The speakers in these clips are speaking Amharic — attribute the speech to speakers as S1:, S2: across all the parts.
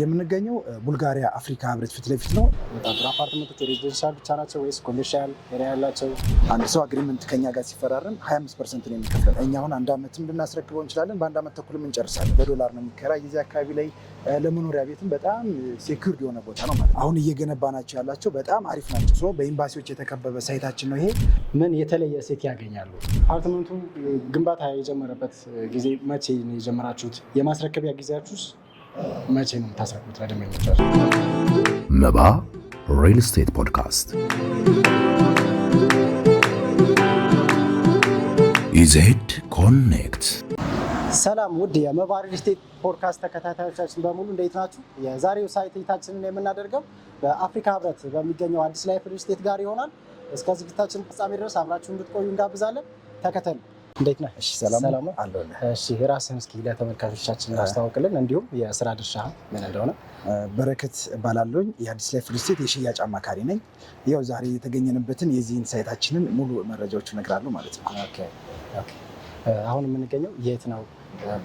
S1: የምንገኘው ቡልጋሪያ አፍሪካ ህብረት ፊት ለፊት ነው። በጣም አፓርትመንቶች ሬዚደንሻል ብቻ ናቸው ወይስ ኮሜርሻል ኤሪያ ያላቸው? አንድ ሰው አግሪመንት ከኛ ጋር ሲፈራረም 25 ፐርሰንት ነው የሚከፍለው። እኛ አሁን አንድ ዓመትም ልናስረክበው እንችላለን፣ በአንድ ዓመት ተኩልም እንጨርሳለን። በዶላር ነው የሚከራይ። የዚህ አካባቢ ላይ ለመኖሪያ ቤትም በጣም ሴኩርድ የሆነ ቦታ ነው ማለት። አሁን እየገነባ ናቸው ያላቸው በጣም አሪፍ ናቸው። በኤምባሲዎች የተከበበ ሳይታችን ነው ይሄ። ምን የተለየ ሴት ያገኛሉ? አፓርትመንቱ ግንባታ የጀመረበት ጊዜ መቼ ነው የጀመራችሁት? የማስረከቢያ ጊዜያችሁስ መቼ ነው የምታስረኩት ለደንበኞቻችሁ?
S2: መባ ሪል ስቴት ፖድካስት ኢዜድ ኮኔክት።
S1: ሰላም ውድ የመባ ሪል ስቴት ፖድካስት ተከታታዮቻችን በሙሉ እንዴት ናችሁ? የዛሬው ሳይት እይታችንን የምናደርገው በአፍሪካ ህብረት በሚገኘው አዲስ ላይፍ ሪል ስቴት ጋር ይሆናል። እስከ ዝግጅታችን ፍጻሜ ድረስ አብራችሁ እንድትቆዩ እንዳብዛለን። ተከተሉ። እንዴት ነህ?
S3: እሺ ሰላም ነው። እሺ ራስህን እስኪ ለተመልካቾቻችን አስተዋውቅልን እንዲሁም የስራ ድርሻ
S1: ምን እንደሆነ። በረከት እባላለሁኝ የአዲስ ላይፍ ሪል ስቴት የሽያጭ አማካሪ ነኝ። ያው ዛሬ የተገኘንበትን የዚህን ሳይታችንን ሙሉ መረጃዎቹ እነግራለሁ ማለት ነው።
S3: ኦኬ አሁን የምንገኘው የት ነው?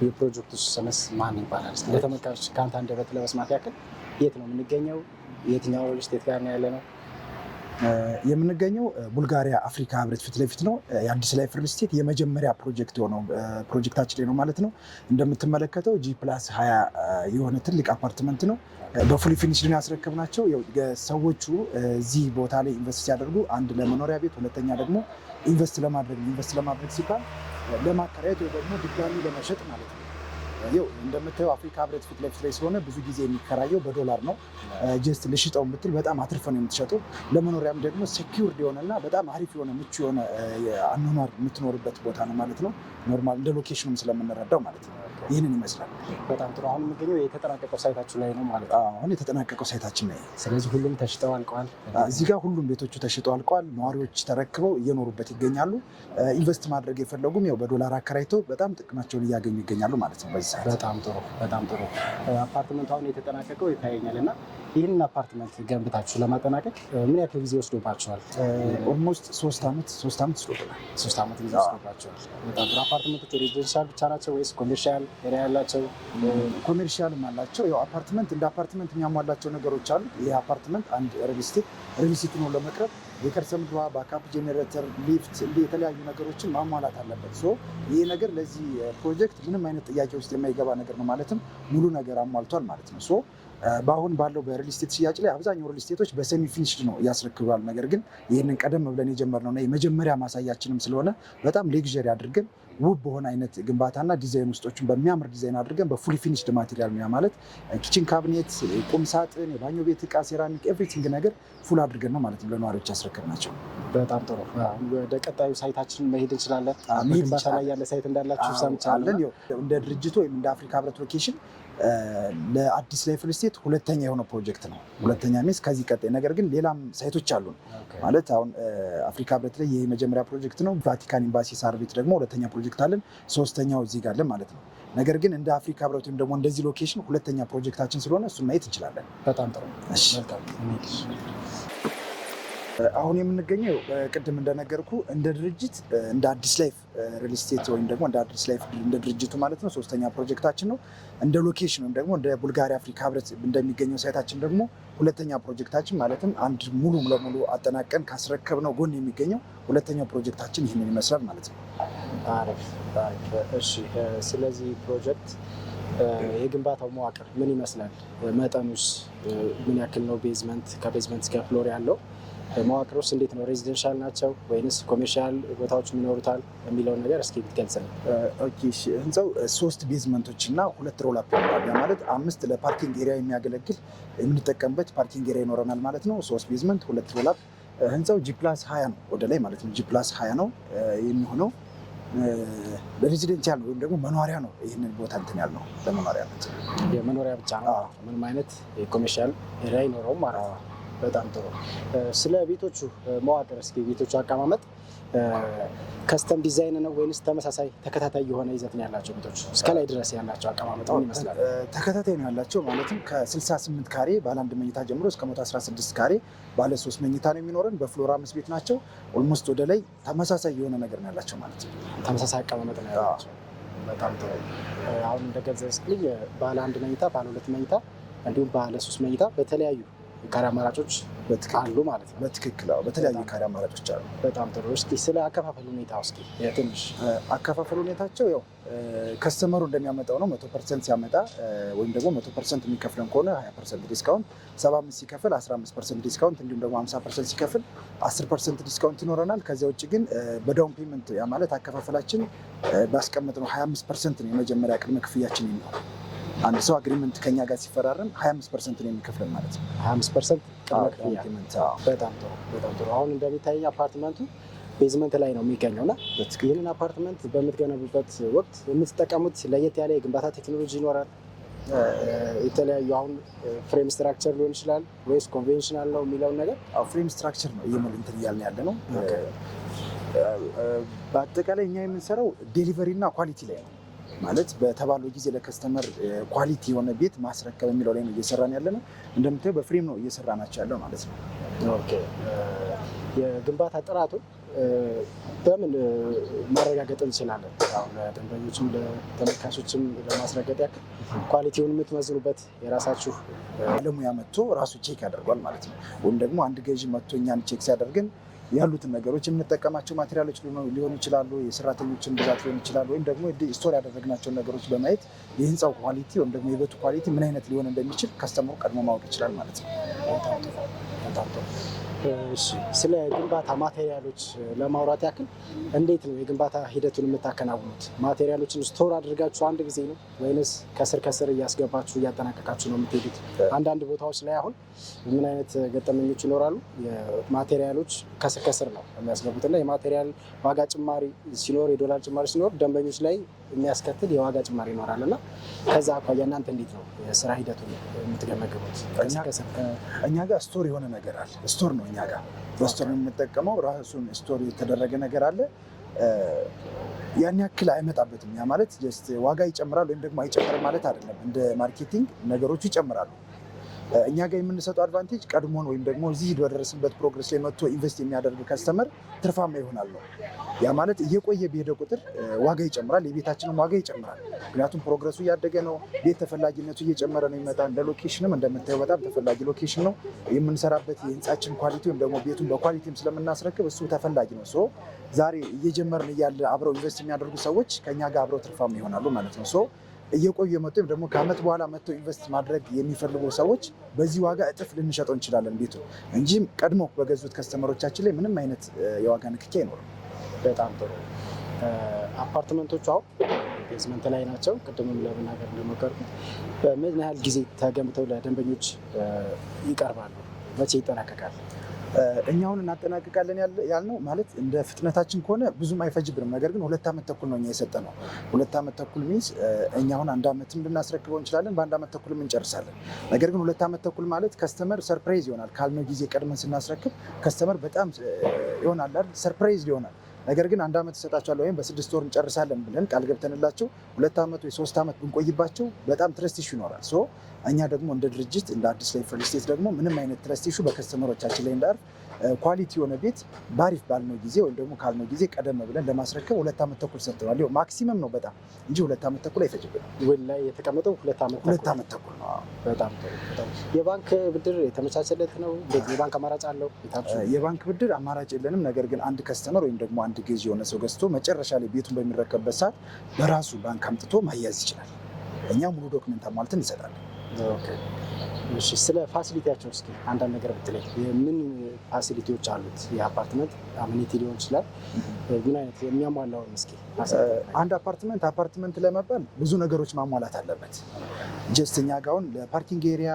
S3: የፕሮጀክቱ ስምስ ማን ይባላል?
S1: ለተመልካቾች ከአንተ አንደበት ለመስማት ያክል የት ነው የምንገኘው? የትኛው ሪል ስቴት ጋር ነው ያለ ነው? የምንገኘው ቡልጋሪያ አፍሪካ ህብረት ፊት ለፊት ነው። የአዲስ ላይ ፍርን ስቴት የመጀመሪያ ፕሮጀክት የሆነው ፕሮጀክታችን ላይ ነው ማለት ነው። እንደምትመለከተው ጂ ፕላስ ሀያ የሆነ ትልቅ አፓርትመንት ነው። በፉሊ ፊኒሽድ ያስረከብ ናቸው። ሰዎቹ እዚህ ቦታ ላይ ኢንቨስት ሲያደርጉ አንድ ለመኖሪያ ቤት፣ ሁለተኛ ደግሞ ኢንቨስት ለማድረግ ኢንቨስት ለማድረግ ሲባል ለማከራየት ወይ ደግሞ ድጋሚ ለመሸጥ ማለት ነው ይኸው እንደምታየው አፍሪካ ህብረት ፊት ለፊት ላይ ስለሆነ ብዙ ጊዜ የሚከራየው በዶላር ነው። ጀስት ልሽጠው የምትል በጣም አትርፈ ነው የምትሸጡ። ለመኖሪያም ደግሞ ሴኪውርድ የሆነና በጣም አሪፍ የሆነ ምቹ የሆነ አኗኗር የምትኖርበት ቦታ ነው ማለት ነው። ኖርማል እንደ ሎኬሽኑም ስለምንረዳው ማለት ነው። ይህንን ይመስላል። በጣም ጥሩ። አሁን የሚገኘው የተጠናቀቀው ሳይታችን ላይ ነው ማለት ነው። አሁን የተጠናቀቀው ሳይታችን ላይ
S3: ስለዚህ ሁሉም ተሽጠው አልቀዋል።
S1: እዚህ ጋር ሁሉም ቤቶቹ ተሽጠው አልቀዋል። ነዋሪዎች ተረክበው እየኖሩበት ይገኛሉ። ኢንቨስት ማድረግ የፈለጉም ያው በዶላር አከራይቶ በጣም ጥቅማቸውን እያገኙ ይገኛሉ ማለት ነው።
S3: በዚህ በጣም ጥሩ፣ በጣም ጥሩ። አፓርትመንቱ አሁን የተጠናቀቀው ይታየኛል እና ይህንን አፓርትመንት ገንብታችሁ ለማጠናቀቅ ምን ያክል ጊዜ ወስዶባቸዋል?
S1: ኦልሞስት ሶስት ዓመት ሶስት ዓመት ወስዶብናል።
S3: ሶስት ዓመት ጊዜ ወስዶባቸዋል። በጣም ብዙ አፓርትመንቶች ሬዚደንሻል ብቻ ናቸው ወይስ ኮሜርሻል ኤሪያ ያላቸው?
S1: ኮሜርሻልም አላቸው። ያው አፓርትመንት እንደ አፓርትመንት የሚያሟላቸው ነገሮች አሉ። ይህ አፓርትመንት አንድ ሪልስቴት ሪልስቴት ነው ለመቅረብ የከርሰ ምድር ውሃ ባካፕ ጄኔሬተር፣ ሊፍት እንደ የተለያዩ ነገሮችን ማሟላት አለበት። ሶ ይህ ነገር ለዚህ ፕሮጀክት ምንም አይነት ጥያቄ ውስጥ የማይገባ ነገር ነው። ማለትም ሙሉ ነገር አሟልቷል ማለት ነው። ሶ በአሁን ባለው በሪል ስቴት ሽያጭ ላይ አብዛኛው ሪል በሰሚ በሴሚ ፊኒሽድ ነው ያስረክባል። ነገር ግን ይህንን ቀደም ብለን ነው የመጀመሪያ ማሳያችንም ስለሆነ በጣም ሌግዥሪ አድርገን ውብ በሆነ አይነት ግንባታና ዲዛይን ውስጦችን በሚያምር ዲዛይን አድርገን በፉሊ ፊኒሽድ ማቴሪያል ሙያ ማለት ኪችን ካቢኔት፣ ቁም ሳጥን፣ የባኞ ቤት እቃ፣ ሴራሚክ ኤቭሪቲንግ ነገር ፉል አድርገን ነው ማለት ነው ለነዋሪዎች ያስረክብ ናቸው።
S3: በጣም ጥሩ። ወደ ቀጣዩ ሳይታችን መሄድ እንችላለን። ግንባታ ላይ ያለ ሳይት እንዳላችሁ ሰምቻለን።
S1: እንደ ድርጅቱ ወይም እንደ አፍሪካ ህብረት ሎኬሽን ለአዲስ ላይፍ ሪልስቴት ሁለተኛ የሆነ ፕሮጀክት ነው። ሁለተኛ ሚንስ ከዚህ ቀጣይ ነገር ግን ሌላም ሳይቶች አሉን ማለት አሁን አፍሪካ ህብረት ላይ የመጀመሪያ ፕሮጀክት ነው። ቫቲካን ኤምባሲ ሳር ቤት ደግሞ ሁለተኛ ፕሮጀክት አለን። ሶስተኛው እዚህ ጋር አለን ማለት ነው። ነገር ግን እንደ አፍሪካ ህብረት ወይም ደግሞ እንደዚህ ሎኬሽን ሁለተኛ ፕሮጀክታችን ስለሆነ እሱን ማየት እንችላለን። በጣም ጥሩ አሁን የምንገኘው ቅድም እንደነገርኩ እንደ ድርጅት እንደ አዲስ ላይፍ ሪል ስቴት ወይም ደግሞ እንደ አዲስ ላይፍ እንደ ድርጅቱ ማለት ነው ሶስተኛ ፕሮጀክታችን ነው። እንደ ሎኬሽን ወይም ደግሞ እንደ ቡልጋሪያ አፍሪካ ህብረት እንደሚገኘው ሳይታችን ደግሞ ሁለተኛ ፕሮጀክታችን ማለትም አንድ ሙሉ ለሙሉ አጠናቀን ካስረከብነው ጎን የሚገኘው ሁለተኛው ፕሮጀክታችን ይህንን ይመስላል ማለት ነው።
S3: አሪፍ አሪፍ። እሺ፣ ስለዚህ ፕሮጀክት የግንባታው መዋቅር ምን ይመስላል? መጠኑስ ምን ያክል ነው? ቤዝመንት ከቤዝመንት እስከ ፍሎር ያለው መዋቅር ውስጥ እንዴት ነው ሬዚደንሻል ናቸው ወይንስ ኮሜርሻል ቦታዎች ይኖሩታል የሚለውን ነገር እስኪ ብትገልጽ ነው።
S1: ህንፃው ሶስት ቤዝመንቶች እና ሁለት ሮላፕ ይኖራል። ማለት አምስት ለፓርኪንግ ኤሪያ የሚያገለግል የምንጠቀምበት ፓርኪንግ ኤሪያ ይኖረናል ማለት ነው። ሶስት ቤዝመንት፣ ሁለት ሮላፕ። ህንፃው ጂፕላስ ሀያ ነው ወደ ላይ ማለት ነው። ጂፕላስ ሀያ ነው የሚሆነው ለሬዚደንሻል ወይም ደግሞ መኖሪያ ነው። ይህንን ቦታ እንትን ያል ነው ለመኖሪያ ነት የመኖሪያ ብቻ ነው።
S3: ምንም አይነት ኮሜርሻል ኤሪያ አይኖረውም ማለት ነው። በጣም ጥሩ። ስለ ቤቶቹ መዋቅር እስኪ ቤቶቹ አቀማመጥ ከስተም ዲዛይን ነው ወይንስ ተመሳሳይ ተከታታይ የሆነ ይዘት ነው ያላቸው ቤቶች? እስከ ላይ ድረስ ያላቸው አቀማመጥ
S1: ምን ይመስላል? ተከታታይ ነው ያላቸው ማለትም ከ68 ካሬ ባለ አንድ መኝታ ጀምሮ እስከ 116 ካሬ ባለ ሶስት መኝታ ነው የሚኖረን። በፍሎር አምስት ቤት ናቸው። ኦልሞስት ወደ ላይ ተመሳሳይ የሆነ ነገር ነው ያላቸው ማለት ነው።
S3: ተመሳሳይ አቀማመጥ
S1: ነው ያላቸው። በጣም ጥሩ።
S3: አሁን እንደገንዘብ ስክልኝ ባለ አንድ መኝታ፣ ባለ ሁለት መኝታ እንዲሁም ባለ ሶስት መኝታ በተለያዩ የካሬ አማራጮች አሉ ማለት ነው።
S1: በትክክል በተለያዩ የካሬ አማራጮች አሉ።
S3: በጣም ጥሩ። እስኪ ስለ አከፋፈል ሁኔታ እስኪ ትንሽ
S1: አከፋፈል ሁኔታቸው ያው ከስተመሩ እንደሚያመጣው ነው። መቶ ፐርሰንት ሲያመጣ ወይም ደግሞ መቶ ፐርሰንት የሚከፍለን ከሆነ ሀያ ፐርሰንት ዲስካውንት፣ ሰባ አምስት ሲከፍል አስራ አምስት ፐርሰንት ዲስካውንት እንዲሁም ደግሞ ሀምሳ ፐርሰንት ሲከፍል አስር ፐርሰንት ዲስካውንት ይኖረናል። ከዚያ ውጭ ግን በዳውን ፔመንት ያ ማለት አከፋፈላችን ባስቀመጥነው ሀያ አምስት ፐርሰንት ነው የመጀመሪያ ቅድመ ክፍያችን የሚሆን አንድ ሰው አግሪመንት ከኛ ጋር ሲፈራረም 25 ፐርሰንት ነው የሚከፍለን ማለት ነው። 25 ፐርሰንት በጣም ጥሩ በጣም ጥሩ። አሁን እንደሚታየኝ አፓርትመንቱ ቤዝመንት ላይ ነው የሚገኘው እና ይህንን አፓርትመንት በምትገነቡበት ወቅት የምትጠቀሙት ለየት ያለ የግንባታ ቴክኖሎጂ ይኖራል። የተለያዩ አሁን ፍሬም ስትራክቸር ሊሆን ይችላል ወይስ ኮንቬንሽናል ነው የሚለውን ነገር
S3: ፍሬም ስትራክቸር ነው እየመል እንትን እያልን ያለ ነው።
S1: በአጠቃላይ እኛ የምንሰራው ዴሊቨሪ እና ኳሊቲ ላይ ነው። ማለት በተባለው ጊዜ ለከስተመር ኳሊቲ የሆነ ቤት ማስረከብ የሚለው ላይ ነው እየሰራን ያለ ነው። እንደምታየው በፍሬም ነው እየሰራናቸው ያለው ማለት ነው።
S3: የግንባታ ጥራቱን በምን ማረጋገጥ እንችላለን?
S1: ለደንበኞችም ለተመልካቾችም ለማስረገጥ ያክል ኳሊቲውን የምትመዝኑበት የራሳችሁ ባለሙያ መጥቶ ራሱ ቼክ ያደርጓል ማለት ነው። ወይም ደግሞ አንድ ገዢ መጥቶ እኛን ቼክ ሲያደርግን ያሉትን ነገሮች የምንጠቀማቸው ማቴሪያሎች ሊሆኑ ይችላሉ፣ የሰራተኞችን ብዛት ሊሆን ይችላሉ ወይም ደግሞ ስቶር ያደረግናቸውን ነገሮች በማየት የህንፃው ኳሊቲ ወይም ደግሞ የቤቱ ኳሊቲ ምን አይነት ሊሆን እንደሚችል ከስተመሩ ቀድሞ ማወቅ ይችላል ማለት ነው። ስለ ግንባታ ማቴሪያሎች ለማውራት ያክል እንዴት ነው የግንባታ ሂደቱን የምታከናውኑት? ማቴሪያሎችን ስቶር አድርጋችሁ አንድ ጊዜ ነው ወይንስ ከስር ከስር እያስገባችሁ እያጠናቀቃችሁ ነው የምትሄዱት? አንዳንድ ቦታዎች ላይ አሁን ምን አይነት ገጠመኞች ይኖራሉ? ማቴሪያሎች ከስር ከስር ነው የሚያስገቡት እና የማቴሪያል ዋጋ ጭማሪ ሲኖር፣ የዶላር ጭማሪ ሲኖር ደንበኞች ላይ የሚያስከትል የዋጋ ጭማሪ ይኖራል እና ከዛ አኳያ እናንተ እንዴት ነው የስራ ሂደቱን የምትገመግቡት? እኛ ጋር ስቶር የሆነ ነገር አለ ስቶር ነው እኛ ጋር ሮስተር የምንጠቀመው ራሱን ስቶሪ የተደረገ ነገር አለ። ያን ያክል አይመጣበትም። ያ ማለት ዋጋ ይጨምራል ወይም ደግሞ አይጨምርም ማለት አይደለም። እንደ ማርኬቲንግ ነገሮቹ ይጨምራሉ። እኛ ጋር የምንሰጠው አድቫንቴጅ ቀድሞን ወይም ደግሞ እዚህ በደረስንበት ፕሮግረስ ላይ መጥቶ ኢንቨስት የሚያደርግ ከስተመር ትርፋማ ይሆናል ነው። ያ ማለት እየቆየ በሄደ ቁጥር ዋጋ ይጨምራል፣ የቤታችንም ዋጋ ይጨምራል። ምክንያቱም ፕሮግረሱ እያደገ ነው፣ ቤት ተፈላጊነቱ እየጨመረ ነው ይመጣ። እንደ ሎኬሽንም እንደምታየው በጣም ተፈላጊ ሎኬሽን ነው የምንሰራበት። የህንፃችን ኳሊቲ ወይም ደግሞ ቤቱን በኳሊቲም ስለምናስረክብ እሱ ተፈላጊ ነው። ዛሬ እየጀመርን እያለ አብረው ኢንቨስት የሚያደርጉ ሰዎች ከኛ ጋር አብረው ትርፋማ ይሆናሉ ማለት ነው። እየቆየ መጡ ወይም ደግሞ ከአመት በኋላ መጥተው ኢንቨስት ማድረግ የሚፈልጉ ሰዎች በዚህ ዋጋ እጥፍ ልንሸጠው እንችላለን ቤቱ እንጂ ቀድሞ በገዙት ከስተመሮቻችን ላይ ምንም አይነት የዋጋ ንክኪ አይኖርም።
S3: በጣም ጥሩ። አፓርትመንቶቹ አሁን ቤዝመንት ላይ ናቸው። ቅድምም ለመናገር እንደሞከርኩት በምን ያህል ጊዜ ተገምተው ለደንበኞች ይቀርባሉ? መቼ ይጠናቀቃል?
S1: እኛውን እናጠናቅቃለን ያልነው ማለት እንደ ፍጥነታችን ከሆነ ብዙም አይፈጅብንም። ነገር ግን ሁለት ዓመት ተኩል ነው እኛ ነው። ሁለት ዓመት ተኩል ሚንስ እኛ አሁን አንድ ዓመትም ልናስረክበው እንችላለን፣ በአንድ ዓመት ተኩልም እንጨርሳለን። ነገር ግን ሁለት ዓመት ተኩል ማለት ከስተመር ሰርፕራይዝ ይሆናል። ካልነው ጊዜ ቀድመን ስናስረክብ ከስተመር በጣም ይሆናል ሰርፕራይዝ ይሆናል። ነገር ግን አንድ ዓመት እሰጣቸዋለሁ ወይም በስድስት ወር እንጨርሳለን ብለን ቃል ገብተንላቸው ሁለት ዓመት ወይ ሶስት ዓመት ብንቆይባቸው በጣም ትረስት ይሹ ይኖራል እኛ ደግሞ እንደ ድርጅት እንደ አዲስ ላይፍ ሪል ስቴት ደግሞ ምንም አይነት ትረስት ኢሹ በከስተመሮቻችን ላይ እንዳርፍ ኳሊቲ የሆነ ቤት ባሪፍ ባልነው ጊዜ ወይም ደግሞ ካልነው ጊዜ ቀደም ብለን ለማስረከብ ሁለት ዓመት ተኩል ሰጥተናል። ይኸው ማክሲመም ነው በጣም እንጂ ሁለት ዓመት ተኩል አይፈጅብንም።
S3: ውል ላይ የተቀመጠው ሁለት ዓመት ተኩል ነው። በጣም የባንክ ብድር የተመቻቸለት ነው። የባንክ አማራጭ አለው።
S1: የባንክ ብድር አማራጭ የለንም። ነገር ግን አንድ ከስተመር ወይም ደግሞ አንድ ገዢ የሆነ ሰው ገዝቶ መጨረሻ ላይ ቤቱን በሚረከብበት ሰዓት በራሱ ባንክ አምጥቶ ማያዝ ይችላል። እኛ ሙሉ ዶክመንት አሟልተን እንሰጣለን።
S3: እሺ ስለ ፋሲሊቲያቸው እስኪ አንዳንድ ነገር ብትለኝ። ምን ፋሲሊቲዎች አሉት? የአፓርትመንት አሚኒቲ ሊሆን ይችላል። ምን አይነት የሚያሟላውን እስኪ
S1: አንድ አፓርትመንት አፓርትመንት ለመባል ብዙ ነገሮች ማሟላት አለበት። ጀስት እኛ ለፓርኪንግ ኤሪያ፣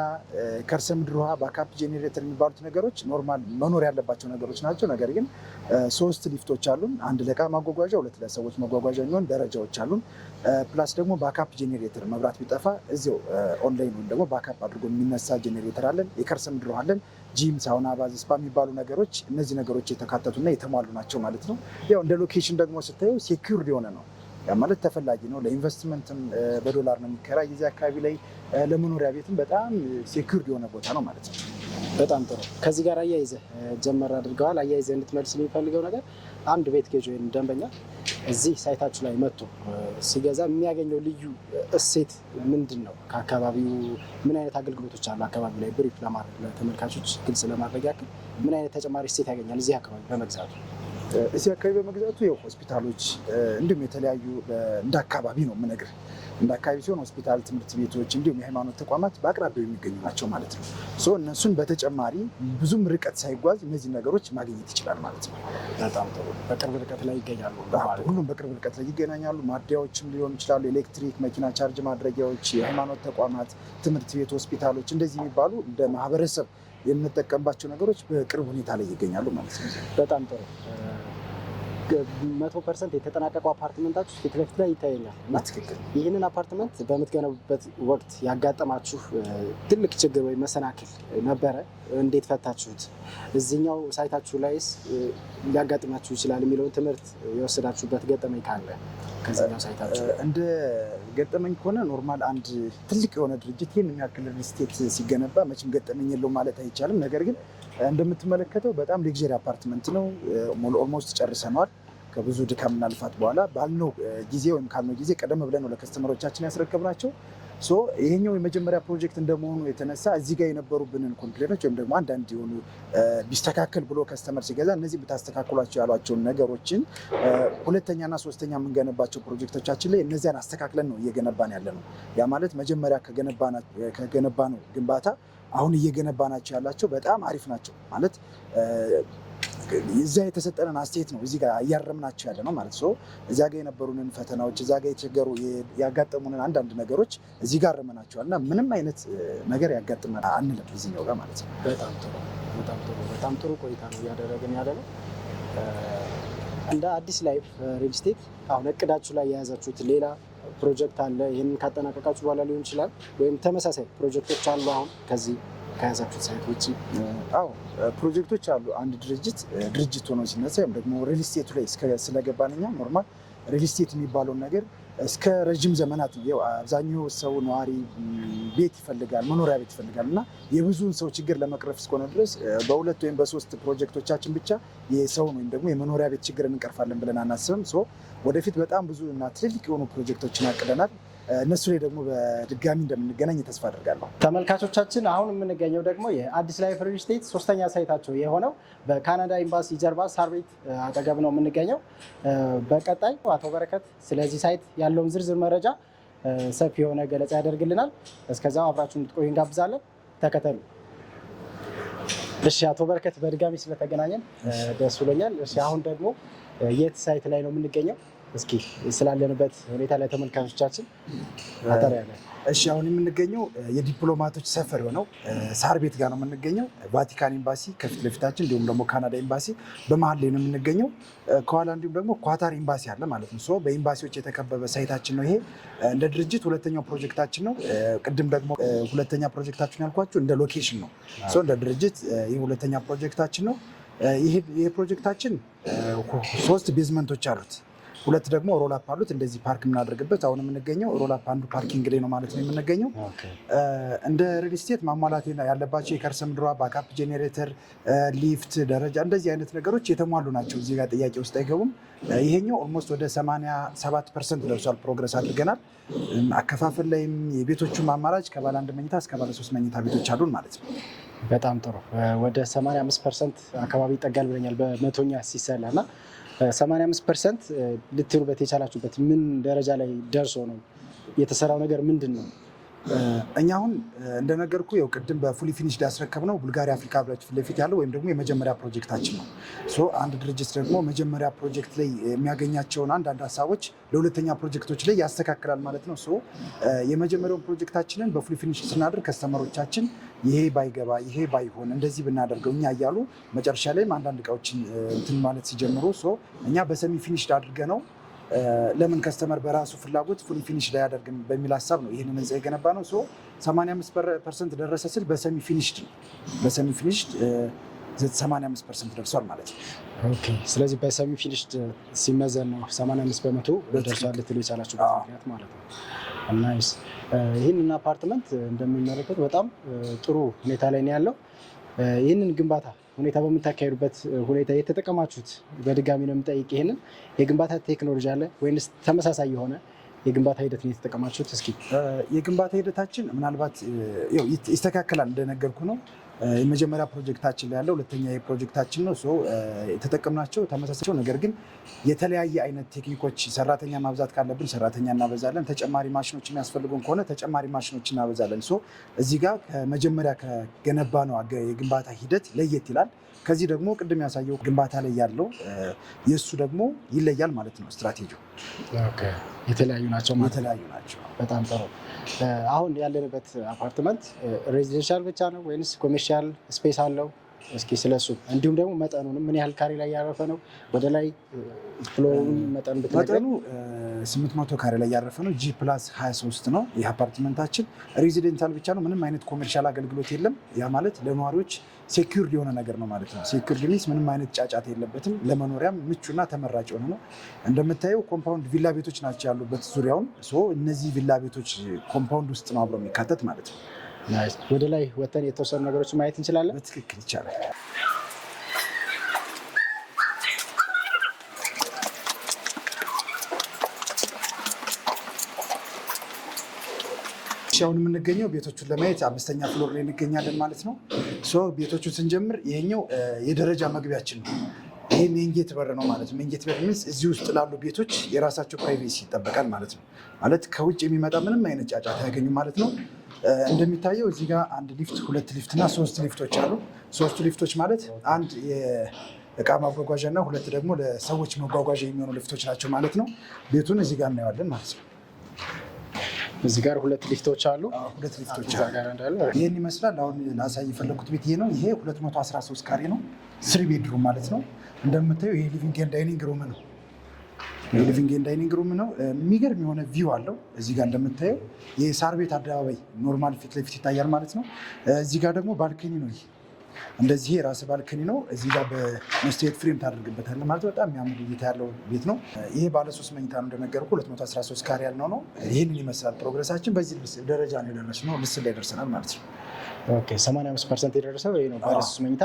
S1: ከርሰ ምድር ውሃ፣ ባካፕ ጄኔሬተር የሚባሉት ነገሮች ኖርማል መኖር ያለባቸው ነገሮች ናቸው። ነገር ግን ሶስት ሊፍቶች አሉን። አንድ ለእቃ ማጓጓዣ፣ ሁለት ለሰዎች ማጓጓዣ የሚሆን ደረጃዎች አሉን። ፕላስ ደግሞ ባካፕ ጄኔሬተር መብራት ቢጠፋ እዚው ኦንላይን ወይም ደግሞ ባካፕ አድርጎ የሚነሳ ጄኔሬተር አለን። የከርሰ ምድር ውሃ አለን። ጂም፣ ሳውና፣ ባዝ፣ ስፓ የሚባሉ ነገሮች እነዚህ ነገሮች የተካተቱና የተሟሉ ናቸው ማለት ነው። ያው እንደ ሎኬሽን ደግሞ ስታዩ ሴኪውርድ የሆነ ነው። ያ ማለት ተፈላጊ ነው። ለኢንቨስትመንትም በዶላር ነው የሚከራይ እዚህ አካባቢ ላይ ለመኖሪያ ቤትም በጣም ሴኩር የሆነ ቦታ ነው ማለት ነው።
S3: በጣም ጥሩ። ከዚህ ጋር አያይዘ ጀመር አድርገዋል። አያይዘ እንድትመልስ የሚፈልገው ነገር አንድ ቤት ገዥ ወይም ደንበኛ እዚህ ሳይታችሁ ላይ መጥቶ ሲገዛ የሚያገኘው ልዩ እሴት ምንድን ነው? ከአካባቢው ምን አይነት አገልግሎቶች አሉ? አካባቢው ላይ ብሪፍ ለማድረግ ለተመልካቾች ግልጽ ለማድረግ ያክል ምን አይነት ተጨማሪ እሴት ያገኛል እዚህ አካባቢ በመግዛቱ?
S1: እዚህ አካባቢ በመግዛቱ ይኸው ሆስፒታሎች እንዲሁም የተለያዩ እንደ አካባቢ ነው የምነግር እንደ አካባቢ ሲሆን ሆስፒታል፣ ትምህርት ቤቶች እንዲሁም የሃይማኖት ተቋማት በአቅራቢያው የሚገኙ ናቸው ማለት ነው። እነሱን በተጨማሪ ብዙም ርቀት ሳይጓዝ እነዚህ ነገሮች ማግኘት ይችላል ማለት ነው።
S3: በጣም ጥሩ። በቅርብ ርቀት ላይ ይገኛሉ።
S1: ሁሉም በቅርብ ርቀት ላይ ይገናኛሉ። ማደያዎችም ሊሆኑ ይችላሉ፣ ኤሌክትሪክ መኪና ቻርጅ ማድረጊያዎች፣ የሃይማኖት ተቋማት፣ ትምህርት ቤት፣ ሆስፒታሎች እንደዚህ የሚባሉ እንደ ማህበረሰብ የምንጠቀምባቸው ነገሮች በቅርብ ሁኔታ ላይ ይገኛሉ ማለት ነው።
S3: በጣም ጥሩ መቶ ፐርሰንት የተጠናቀቁ አፓርትመንታችሁ ፊት ለፊት ላይ ይታየኛል። ይህንን አፓርትመንት በምትገነቡበት ወቅት ያጋጠማችሁ ትልቅ ችግር ወይም መሰናክል ነበረ? እንዴት ፈታችሁት? እዚኛው ሳይታችሁ ላይስ ሊያጋጥማችሁ ይችላል የሚለውን ትምህርት የወሰዳችሁበት ገጠመኝ ካለ ከዚኛው ሳይታችሁ
S1: እንደ ገጠመኝ ከሆነ ኖርማል፣ አንድ ትልቅ የሆነ ድርጅት ይህን የሚያክል ስቴት ሲገነባ መቼም ገጠመኝ የለው ማለት አይቻልም። ነገር ግን እንደምትመለከተው በጣም ሌግዘሪ አፓርትመንት ነው። ኦልሞስት ጨርሰነዋል። ከብዙ ድካምና ልፋት በኋላ ባልነው ጊዜ ወይም ካልነው ጊዜ ቀደም ብለን ነው ለከስተመሮቻችን ያስረከብናቸው። ሶ ይሄኛው የመጀመሪያ ፕሮጀክት እንደመሆኑ የተነሳ እዚህ ጋር የነበሩብንን ኮምፕሌኖች ወይም ደግሞ አንዳንድ የሆኑ ቢስተካከል ብሎ ከስተመር ሲገዛ እነዚህ ብታስተካክሏቸው ያሏቸውን ነገሮችን ሁለተኛና ሶስተኛ የምንገነባቸው ፕሮጀክቶቻችን ላይ እነዚያን አስተካክለን ነው እየገነባን ያለ ነው። ያ ማለት መጀመሪያ ከገነባ ነው ግንባታ አሁን እየገነባ ናቸው ያላቸው በጣም አሪፍ ናቸው ማለት እዚ የተሰጠንን አስተያየት ነው እዚህ ጋር እያረምናቸው ያለ ነው ማለት ሰው እዚያ ጋር የነበሩንን ፈተናዎች እዚያ ጋር የቸገሩ ያጋጠሙንን አንዳንድ ነገሮች እዚህ ጋር አረመናቸዋል እና ምንም አይነት ነገር ያጋጥመን አንልም እዚህኛው ጋር ማለት ነው።
S3: በጣም ጥሩ በጣም ጥሩ በጣም ጥሩ ቆይታ ነው እያደረግን ያለ ነው። እንደ አዲስ ላይፍ ሪል ስቴት አሁን እቅዳችሁ ላይ የያዛችሁት ሌላ ፕሮጀክት አለ። ይህንን ካጠናቀቃችሁ በኋላ ሊሆን ይችላል ወይም ተመሳሳይ ፕሮጀክቶች አሉ። አሁን ከዚህ ከያዛችሁት ሳይት ውጭ?
S1: አዎ ፕሮጀክቶች አሉ። አንድ ድርጅት ድርጅት ሆኖ ሲነሳ ወይም ደግሞ ሪልስቴቱ ላይ ስለገባን እኛ ኖርማል ሪልስቴት የሚባለውን ነገር እስከ ረዥም ዘመናት ነው። አብዛኛው ሰው ነዋሪ ቤት ይፈልጋል፣ መኖሪያ ቤት ይፈልጋል እና የብዙውን ሰው ችግር ለመቅረፍ እስከሆነ ድረስ በሁለት ወይም በሶስት ፕሮጀክቶቻችን ብቻ የሰውን ወይም ደግሞ የመኖሪያ ቤት ችግር እንቀርፋለን ብለን አናስብም። ወደፊት በጣም ብዙ እና ትልልቅ የሆኑ ፕሮጀክቶችን አቅደናል። እነሱ ላይ ደግሞ በድጋሚ እንደምንገናኝ ተስፋ አድርጋለሁ።
S3: ተመልካቾቻችን አሁን የምንገኘው ደግሞ የአዲስ ላይፍ ሪል ስቴት ሶስተኛ ሳይታቸው የሆነው በካናዳ ኤምባሲ ጀርባ ሳር ቤት አጠገብ ነው የምንገኘው። በቀጣይ አቶ በረከት ስለዚህ ሳይት ያለውን ዝርዝር መረጃ ሰፊ የሆነ ገለጻ ያደርግልናል። እስከዛው አብራችሁ እንድትቆዩ እንጋብዛለን። ተከተሉ። እሺ አቶ በረከት በድጋሚ ስለተገናኘን ደስ ብሎኛል። እሺ አሁን ደግሞ የት ሳይት ላይ ነው የምንገኘው? እስኪ ስላለንበት ሁኔታ ላይ ተመልካቾቻችን
S1: አጠር ያለ እሺ። አሁን የምንገኘው የዲፕሎማቶች ሰፈር የሆነው ሳር ቤት ጋር ነው የምንገኘው። ቫቲካን ኤምባሲ ከፊት ለፊታችን፣ እንዲሁም ደግሞ ካናዳ ኤምባሲ በመሀል ላይ ነው የምንገኘው። ከኋላ እንዲሁም ደግሞ ኳታር ኤምባሲ አለ ማለት ነው። በኤምባሲዎች የተከበበ ሳይታችን ነው ይሄ። እንደ ድርጅት ሁለተኛው ፕሮጀክታችን ነው። ቅድም ደግሞ ሁለተኛ ፕሮጀክታችን ያልኳችሁ እንደ ሎኬሽን ነው። እንደ ድርጅት ይህ ሁለተኛ ፕሮጀክታችን ነው። ይህ ፕሮጀክታችን ሶስት ቤዝመንቶች አሉት። ሁለት ደግሞ ሮላፕ አሉት። እንደዚህ ፓርክ የምናደርግበት አሁን የምንገኘው ሮላፕ አንዱ ፓርኪንግ ላይ ነው ማለት ነው የምንገኘው። እንደ ሪል ስቴት ማሟላት ያለባቸው የከርሰ ምድሯ ባካፕ ጄኔሬተር፣ ሊፍት፣ ደረጃ እንደዚህ አይነት ነገሮች የተሟሉ ናቸው። እዚህ ጋር ጥያቄ ውስጥ አይገቡም። ይሄኛው ኦልሞስት ወደ 87 ፐርሰንት ደርሷል። ፕሮግረስ አድርገናል። አከፋፈል ላይም የቤቶቹም አማራጭ ከባለ አንድ መኝታ እስከ ባለ ሶስት መኝታ ቤቶች አሉን ማለት ነው።
S3: በጣም ጥሩ ወደ 85 ፐርሰንት አካባቢ ይጠጋል ብለኛል በመቶኛ ሲሰላ እና 85 ፐርሰንት ልትሉበት የቻላችሁበት ምን ደረጃ ላይ ደርሶ ነው? የተሰራው ነገር ምንድን ነው?
S1: እኛ አሁን እንደነገርኩ ው ቅድም በፉሊ ፊኒሽ ሊያስረከብ ነው ቡልጋሪያ አፍሪካ ህብረት ፊት ለፊት ያለው ወይም ደግሞ የመጀመሪያ ፕሮጀክታችን ነው። ሶ አንድ ድርጅት ደግሞ መጀመሪያ ፕሮጀክት ላይ የሚያገኛቸውን አንዳንድ ሀሳቦች ለሁለተኛ ፕሮጀክቶች ላይ ያስተካክላል ማለት ነው። ሶ የመጀመሪያውን ፕሮጀክታችንን በፉሊ ፊኒሽ ስናደርግ ከስተመሮቻችን ይሄ ባይገባ ይሄ ባይሆን እንደዚህ ብናደርገው እኛ እያሉ መጨረሻ ላይም አንዳንድ እቃዎችን እንትን ማለት ሲጀምሩ እኛ በሰሚ ፊኒሽድ አድርገ ነው ለምን ከስተመር በራሱ ፍላጎት ፉል ፊኒሽ ላይ አያደርግም በሚል ሀሳብ ነው ይህንን ህንፃ የገነባ ነው። 85 ፐርሰንት ደረሰ ስል በሰሚ ፊኒሽድ ነው። በሰሚ ፊኒሽድ 85 ፐርሰንት ደርሷል ማለት ነው።
S3: ስለዚህ በሰሚ ፊኒሽድ ሲመዘን ነው 85 በመቶ ደርሷል ልትሉ የቻላችሁበት ምክንያት ማለት ነው። ናይስ። uh, ይህንን አፓርትመንት እንደምንመለከት በጣም uh, ጥሩ ሁኔታ ላይ ነው ያለው። uh, ይህንን ግንባታ ሁኔታ በምታካሄዱበት ሁኔታ የተጠቀማችሁት በድጋሚ ነው የምጠይቅ። ይህንን የግንባታ ቴክኖሎጂ አለ ወይንስ ተመሳሳይ የሆነ የግንባታ ሂደት ነው የተጠቀማችሁት? እስኪ
S1: የግንባታ ሂደታችን ምናልባት ይስተካከላል እንደነገርኩ ነው። የመጀመሪያ ፕሮጀክታችን ላይ ያለው ሁለተኛ የፕሮጀክታችን ነው። የተጠቀምናቸው ተመሳሳቸው ነገር ግን የተለያየ አይነት ቴክኒኮች፣ ሰራተኛ ማብዛት ካለብን ሰራተኛ እናበዛለን። ተጨማሪ ማሽኖች የሚያስፈልጉን ከሆነ ተጨማሪ ማሽኖች እናበዛለን። እዚህ ጋር ከመጀመሪያ ከገነባ ነው የግንባታ ሂደት ለየት ይላል። ከዚህ ደግሞ ቅድም ያሳየው ግንባታ ላይ ያለው የእሱ ደግሞ ይለያል ማለት ነው። ስትራቴጂው
S3: የተለያዩ ናቸው
S1: የተለያዩ ናቸው።
S3: በጣም ጥሩ። አሁን ያለንበት አፓርትመንት ሬዚደንሻል ብቻ ነው ወይንስ ኮሜርሻል ስፔስ አለው? እስኪ ስለሱ እንዲሁም ደግሞ መጠኑንም ምን ያህል ካሬ ላይ ያረፈ ነው? ወደ ላይ ፍሎውን መጠን
S1: መጠኑ ስምንት መቶ ካሬ ላይ ያረፈ ነው። ጂ ፕላስ 23 ነው። ይህ አፓርትመንታችን ሬዚደንታል ብቻ ነው። ምንም አይነት ኮሜርሻል አገልግሎት የለም። ያ ማለት ለነዋሪዎች ሴኪርድ የሆነ ነገር ነው ማለት ነው። ሴኪርድ ሚንስ ምንም አይነት ጫጫት የለበትም። ለመኖሪያም ምቹና ተመራጭ የሆነ ነው። እንደምታየው ኮምፓውንድ ቪላ ቤቶች ናቸው ያሉበት ዙሪያውን። እነዚህ ቪላ ቤቶች ኮምፓውንድ ውስጥ ነው አብሮ የሚካተት ማለት ነው።
S3: ወደ ላይ ወተን የተወሰኑ ነገሮች ማየት እንችላለን።
S1: በትክክል ይቻላል። አሁን የምንገኘው ቤቶቹን ለማየት አምስተኛ ፍሎር ላይ እንገኛለን ማለት ነው። ቤቶቹን ስንጀምር ይሄኛው የደረጃ መግቢያችን ነው። ይሄ ሜንጌት በር ነው ማለት ነው። ሜንጌት በር ሚንስ እዚህ ውስጥ ላሉ ቤቶች የራሳቸው ፕራይቬሲ ይጠበቃል ማለት ነው። ማለት ከውጭ የሚመጣ ምንም አይነት ጫጫታ አያገኙም ማለት ነው። እንደሚታየው እዚህ ጋር አንድ ሊፍት፣ ሁለት ሊፍት እና ሶስት ሊፍቶች አሉ። ሶስቱ ሊፍቶች ማለት አንድ የእቃ ማጓጓዣ እና ሁለት ደግሞ ለሰዎች መጓጓዣ የሚሆኑ ሊፍቶች ናቸው ማለት ነው። ቤቱን እዚህ ጋር እናየዋለን ማለት ነው።
S3: እዚህ ጋር ሁለት ሊፍቶች አሉ። ሁለት ሊፍቶች አሉ።
S1: ይህን ይመስላል። አሁን ላሳይ የፈለግኩት ቤት ይሄ ነው። ይሄ 213 ካሬ ነው። ስሪ ቤድሩም ማለት ነው። እንደምታየው ይሄ ሊቪንግ ኤንድ ዳይኒንግ ሩም ነው። የሊቪንግ ኤንድ ዳይኒንግ ሩም ነው። የሚገርም የሆነ ቪው አለው። እዚህ ጋር እንደምታየው የሳር ቤት አደባባይ ኖርማል ፊት ለፊት ይታያል ማለት ነው። እዚህ ጋር ደግሞ ባልከኒ ነው። ይሄ እንደዚህ የራስ ባልከኒ ነው። እዚህ ጋር በመስታወት ፍሬም ታደርግበታለህ ማለት ነው። በጣም የሚያምር እይታ ያለው ቤት ነው። ይሄ ባለሶስት መኝታ ነው እንደነገርኩ 213 ካሬ ያልነው ነው። ይህንን ይመስላል ፕሮግረሳችን። በዚህ ደረጃ ነው የደረስነው። ልስ ላይ ደርሰናል ማለት ነው።
S3: 85 ፐርሰንት የደረሰው ይሄ ነው ባለሶስት መኝታ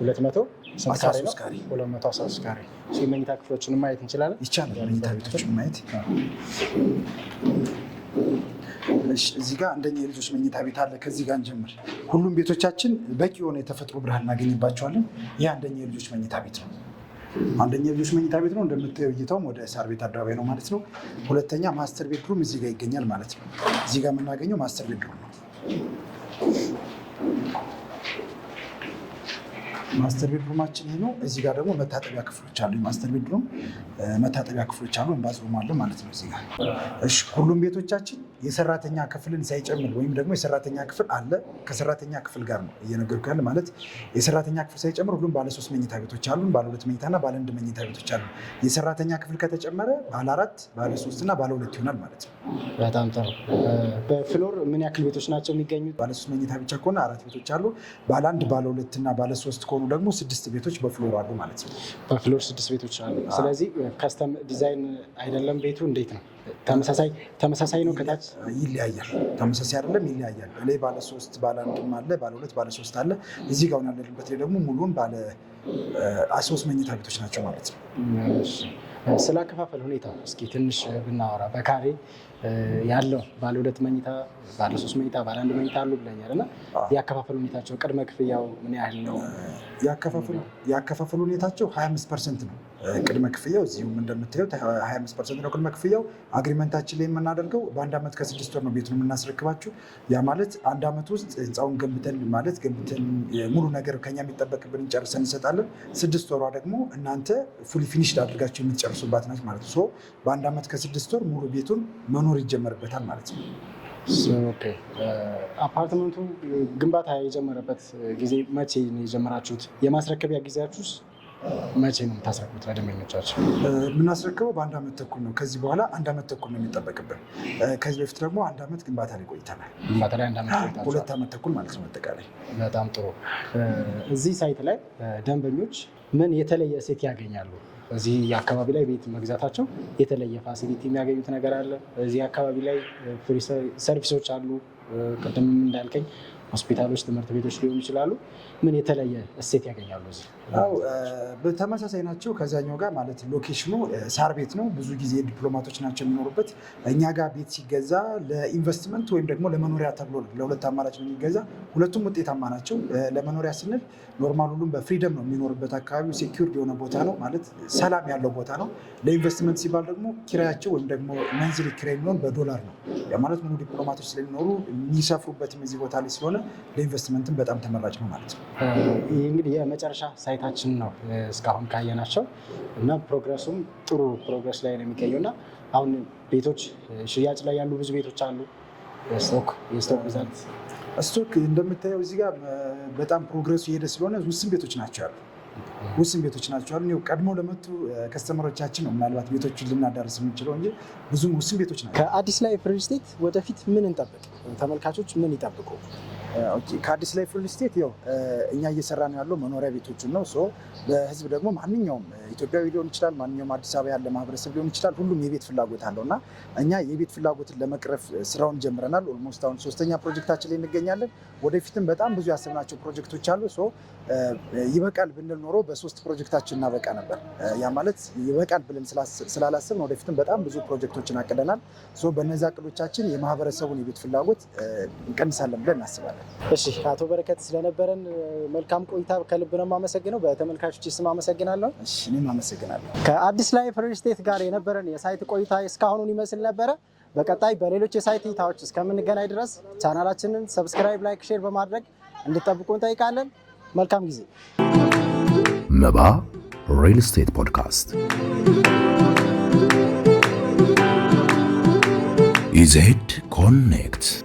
S3: ሁለት መቶ አስራ ክፍሎችን ማየት እንችላለን።
S1: ይቻላል መኝታ ቤቶችን ማየት። እዚህ ጋር አንደኛ የልጆች መኝታ ቤት አለ። ከዚህ ጋር እንጀምር። ሁሉም ቤቶቻችን በቂ የሆነ የተፈጥሮ ብርሃን እናገኝባቸዋለን። ይህ አንደኛ የልጆች መኝታ ቤት ነው። አንደኛ የልጆች መኝታ ቤት ነው። እንደምታየው እይታውም ወደ ሳር ቤት አደባባይ ነው ማለት ነው። ሁለተኛ ማስተር ቤድሩም እዚህ ጋር ይገኛል ማለት ነው። እዚህ ጋር የምናገኘው ማስተር ቤድሩም ነው። ማስተር ቤድሩማችን ይሄ ነው። እዚህ ጋር ደግሞ መታጠቢያ ክፍሎች አሉ። ማስተር ቤድሩም መታጠቢያ ክፍሎች አሉ። እንባዝ አለ ማለት ነው እዚህ ጋር። እሺ ሁሉም ቤቶቻችን የሰራተኛ ክፍልን ሳይጨምር ወይም ደግሞ የሰራተኛ ክፍል አለ ከሰራተኛ ክፍል ጋር ነው እየነገርኩ ያለ ማለት የሰራተኛ ክፍል ሳይጨምር ሁሉም ባለ ሶስት መኝታ ቤቶች አሉ ባለ ሁለት መኝታና ባለ አንድ መኝታ ቤቶች አሉ። የሰራተኛ ክፍል ከተጨመረ ባለ አራት፣ ባለ ሶስት እና ባለ ሁለት ይሆናል ማለት ነው።
S3: በጣም ጥሩ። በፍሎር ምን ያክል ቤቶች ናቸው የሚገኙት?
S1: ባለ ሶስት መኝታ ብቻ ከሆነ አራት ቤቶች አሉ። ባለ አንድ፣ ባለ ሁለት እና ባለ ሶስት ከሆኑ ደግሞ ስድስት ቤቶች በፍሎር አሉ ማለት ነው።
S3: በፍሎር ስድስት ቤቶች አሉ። ስለዚህ ከስተም ዲዛይን አይደለም ቤቱ እንዴት ነው? ተመሳሳይ ነው። ከታች
S1: ይለያያል። ተመሳሳይ አይደለም፣ ይለያያል። በላይ ባለ ሶስት ባለ አንድም አለ፣ ባለ ሁለት ባለ ሶስት አለ። እዚህ ጋር ያለንበት ላይ ደግሞ ሙሉን ባለ ሶስት መኝታ ቤቶች ናቸው ማለት ነው።
S3: ስለ አከፋፈል ሁኔታ እስኪ ትንሽ ብናወራ በካሬ ያለው ባለ ሁለት መኝታ፣ ባለ ሶስት መኝታ፣ ባለ አንድ መኝታ አሉ ብለኛል እና የአከፋፈል ሁኔታቸው ቅድመ ክፍያው ምን ያህል ነው?
S1: የአከፋፈል ሁኔታቸው 25 ፐርሰንት ነው ቅድመ ክፍያው። እዚሁም እንደምታዩት 25 ፐርሰንት ነው ቅድመ ክፍያው። አግሪመንታችን ላይ የምናደርገው በአንድ ዓመት ከስድስት ወር ነው ቤቱን የምናስረክባችሁ። ያ ማለት አንድ ዓመት ውስጥ ህንፃውን ገንብተን ማለት ገንብተን ሙሉ ነገር ከኛ የሚጠበቅብን ጨርሰን እንሰጣለን። ስድስት ወሯ ደግሞ እናንተ ፉሊ ፊኒሽድ አድርጋችሁ የምትጨርሱባት ናች ማለት ነው። በአንድ ዓመት ከስድስት ወር ሙሉ ቤቱን መኖ መኖር ይጀመርበታል ማለት ነው።
S3: አፓርትመንቱ ግንባታ የጀመረበት ጊዜ መቼ ነው የጀመራችሁት? የማስረከቢያ ጊዜያችሁስ መቼ ነው የምታስረክቡት ለደንበኞቻችሁ?
S1: የምናስረክበው በአንድ ዓመት ተኩል ነው። ከዚህ በኋላ አንድ ዓመት ተኩል ነው የሚጠበቅብን። ከዚህ በፊት ደግሞ አንድ ዓመት ግንባታ ላይ ቆይተናል። ግንባታ ላይ አንድ ዓመት ሁለት ዓመት ተኩል ማለት
S3: ነው። አጠቃላይ በጣም ጥሩ። እዚህ ሳይት ላይ ደንበኞች ምን የተለየ እሴት ያገኛሉ? እዚህ አካባቢ ላይ ቤት መግዛታቸው የተለየ ፋሲሊቲ የሚያገኙት ነገር አለ። እዚህ አካባቢ ላይ ሰርቪሶች አሉ። ቅድም እንዳልከኝ ሆስፒታሎች፣ ትምህርት ቤቶች ሊሆኑ ይችላሉ። ምን የተለየ እሴት ያገኛሉ? እዚህ
S1: ተመሳሳይ ናቸው ከዛኛው ጋር ማለት ሎኬሽኑ ሳር ቤት ነው። ብዙ ጊዜ ዲፕሎማቶች ናቸው የሚኖሩበት። እኛ ጋር ቤት ሲገዛ ለኢንቨስትመንት ወይም ደግሞ ለመኖሪያ ተብሎ ለሁለት አማራጭ ነው የሚገዛ። ሁለቱም ውጤታማ ናቸው። ለመኖሪያ ስንል ኖርማል ሁሉም በፍሪደም ነው የሚኖርበት። አካባቢው ሴኪውርድ የሆነ ቦታ ነው ማለት ሰላም ያለው ቦታ ነው። ለኢንቨስትመንት ሲባል ደግሞ ኪራያቸው ወይም ደግሞ መንዝል ኪራይ የሚሆን በዶላር ነው ማለት ሙሉ ዲፕሎማቶች ስለሚኖሩ የሚሰፍሩበትም እዚህ ቦታ ላይ ስለሆነ ለኢንቨስትመንትም በጣም ተመራጭ ነው ማለት ነው።
S3: ይህ እንግዲህ የመጨረሻ ሳይታችን ነው እስካሁን ካየናቸው እና ፕሮግረሱም ጥሩ ፕሮግረስ ላይ ነው የሚገኘው እና አሁን ቤቶች ሽያጭ ላይ ያሉ ብዙ ቤቶች አሉ። የስቶክ ብዛት
S1: ስቶክ እንደምታየው እዚህ ጋር በጣም ፕሮግረሱ የሄደ ስለሆነ ውስን ቤቶች ናቸው ያሉ ውስን ቤቶች ናቸው ያሉ። ቀድሞ ለመጡ ከስተመሮቻችን ነው ምናልባት ቤቶችን ልናዳርስ የምንችለው እንጂ ብዙም ውስን ቤቶች ናቸው።
S3: ከአዲስ ላይ ሪል ወደፊት ምን እንጠብቅ? ተመልካቾች ምን ይጠብቁ?
S1: ከአዲስ ላይ ፉል ስቴት ያው እኛ እየሰራ ነው ያለው መኖሪያ ቤቶችን ነው። በህዝብ ደግሞ ማንኛውም ኢትዮጵያዊ ሊሆን ይችላል፣ ማንኛውም አዲስ አበባ ያለ ማህበረሰብ ሊሆን ይችላል። ሁሉም የቤት ፍላጎት አለው እና እኛ የቤት ፍላጎትን ለመቅረፍ ስራውን ጀምረናል። ኦልሞስት አሁን ሶስተኛ ፕሮጀክታችን ላይ እንገኛለን። ወደፊትም በጣም ብዙ ያሰብናቸው ፕሮጀክቶች አሉ። ይበቃል ብንል ኖሮ በሶስት ፕሮጀክታችን እናበቃ ነበር። ያ ማለት ይበቃል ብለን ስላላሰብን ወደፊትም በጣም ብዙ ፕሮጀክቶችን አቅደናል። ሶ በነዚ የማህበረሰቡን የቤት ፍላጎት እንቀንሳለን ብለን እናስባለን።
S3: እሺ፣ አቶ በረከት ስለነበረን መልካም ቆይታ ከልብ ነው የማመሰግነው። በተመልካቾች ስም አመሰግናለሁ።
S1: እኔም አመሰግናለሁ።
S3: ከአዲስ ላይፍ ሪል ስቴት ጋር የነበረን የሳይት ቆይታ እስካሁኑን ይመስል ነበረ። በቀጣይ በሌሎች የሳይት እይታዎች እስከምንገናኝ ድረስ ቻናላችንን ሰብስክራይብ፣ ላይክ፣ ሼር በማድረግ እንድጠብቁ እንጠይቃለን። መልካም ጊዜ። መባ ሪል ስቴት ፖድካስት ኢዜድ ኮኔክት